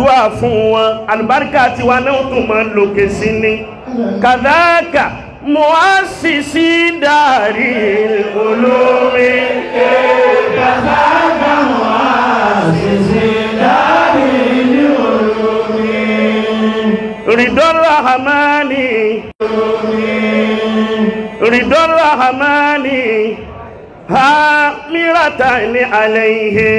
dúà fún wọn alùbáríkà tí wa náà tún máa ń lòkè sí ni kàdáàkà mo á sì sí dàrí olómi kàdáàkà mo á sì sí dàrí olómi rìdọ́rọ̀ hamani rìdọ́rọ̀ hamani ha mírata ní alẹ́ ihe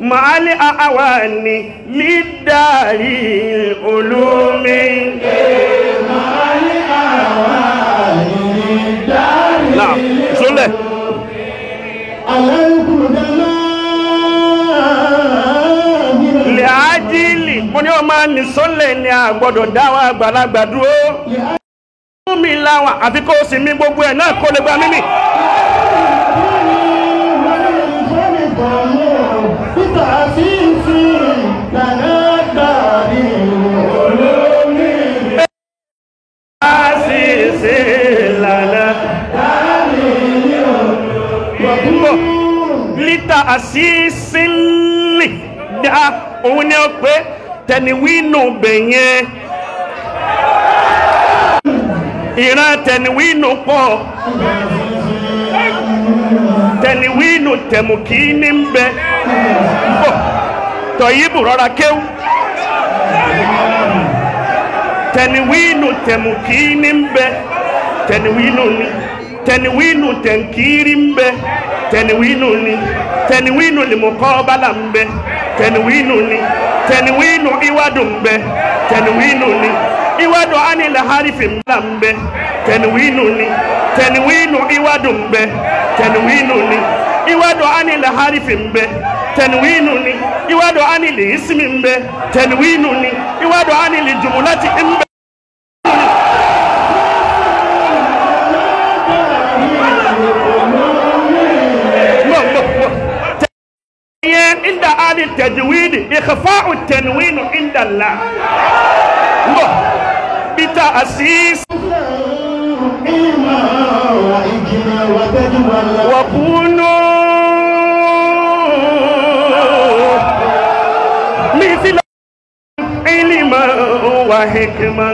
màálí àwa ni lídàrí olómi. màálí àwa ni lídàrí olómi. Lẹ́ájílì, mo ní ọmọ ní sólè ni a gbọ́dọ̀ dáwà àgbàlagbà dúró. Mú mi láwọn àfi kó sì mí gbogbo ẹ̀ e náà kó lè gba mímì. kọ́bílà àṣìṣìlì dá òun ni ó pé tẹ̀níwínù bẹ̀yẹn ìran tẹ̀níwínù pọ̀ tẹ̀níwínù tẹ̀mùkì ní ń bẹ tọ̀yìbù rọra kéwù tẹ̀níwínù tẹ̀mùkì ní ń bẹ tẹ̀níwínù ní tẹ̀níwínù tẹ̀ǹkìrì ń bẹ tẹ̀níwínù ni tẹniwínu limukọbala ń bẹ tẹniwínu ni tẹniwínu iwadu ń bẹ tẹniwínu ni iwadu anila harifi ńlá ń bẹ tẹniwínu ni tẹniwínu iwadu ń bẹ tẹniwínu ni iwadu anila harifi ń bẹ tẹniwínu ni iwadu anili isimi ń bẹ tẹniwínu ni iwadu anili jumulati ń bẹ. tẹnuwínu ìdàlá wọ bíta àṣìṣ. wàkúnú mísílẹ̀ ìlímọ̀ wàhíkìmọ̀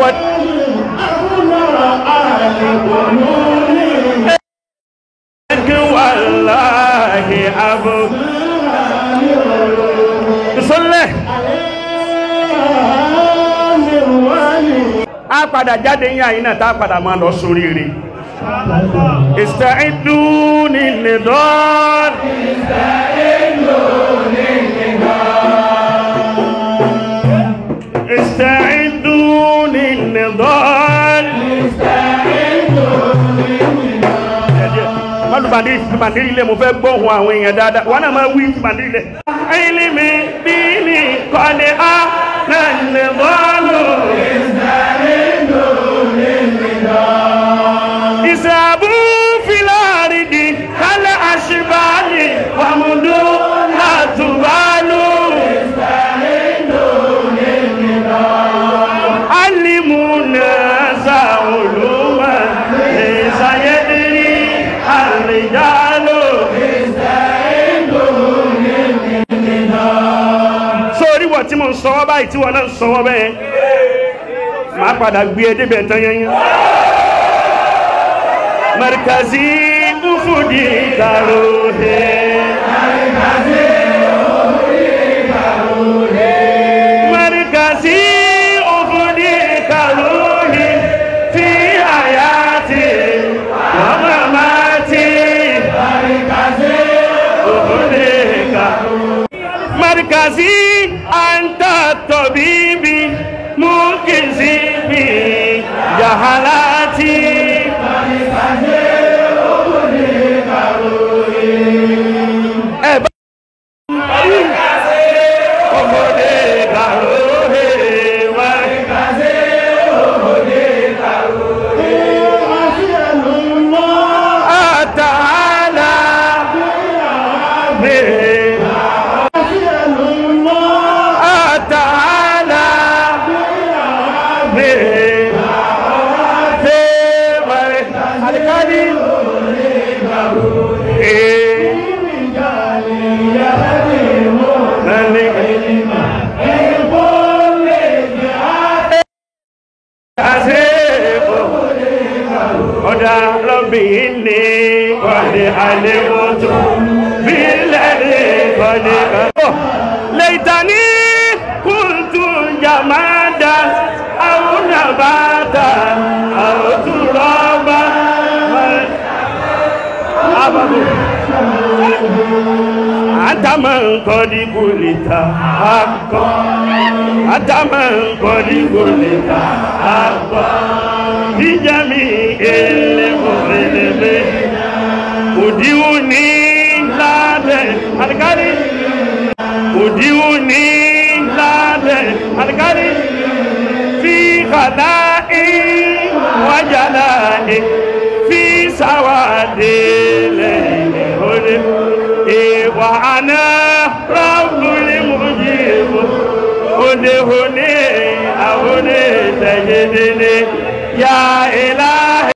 wàtí. a padà jáde yín àyín tá a padà máa lọ sórí rẹ̀ ìsẹ̀ẹ́dù ní nìdọ́n ìsẹ̀ẹ́dù ní nìdọ́n ìsẹ̀ẹ́dù ní nìdọ́n ìsẹ̀ẹ́dù ní nìdọ́n mọ́lùbàdì ìfìmàdì ilẹ̀ mo fẹ́ gbọ́hùn àwọn èèyàn dáadáa wọ́n náà máa wí ìfìmàdì ilẹ̀ ilé mi bí ní kọ́ni á náà nìdọ́nù mò ń sọwọ́ báyìí tí wọ́n náà ń sọwọ́ bẹ́ẹ̀ máa padà gbé ẹ e débẹ̀ tán yẹn. Markazi Mufudi Karohe. Markazi Mufudi Karohe. Markazi Mufudi Karohe. Fi hayati wa mamati. Markazi Mufudi Karohe. Markazi. أنت طبيبي مكذبي يا هلا kari. Ọ̀dà lọ́bìn ní wàlẹ̀ àlẹ́wò tó bí lẹ́rìí kọ́ni. Lẹ́yìn tani kúntùn jàmáà. Adama nkọli boli ta akọ. Adama nkọli boli ta akọ. Bíjàmì ele òfèlèbè. Òdiwù ní lábẹ́ àdìgárí. Òdiwù ní lábẹ́ alikari. Fi kana ì wájà e, Fi sáwà dé. وأنا رب المجيب هني هني أهني تجدني يا إله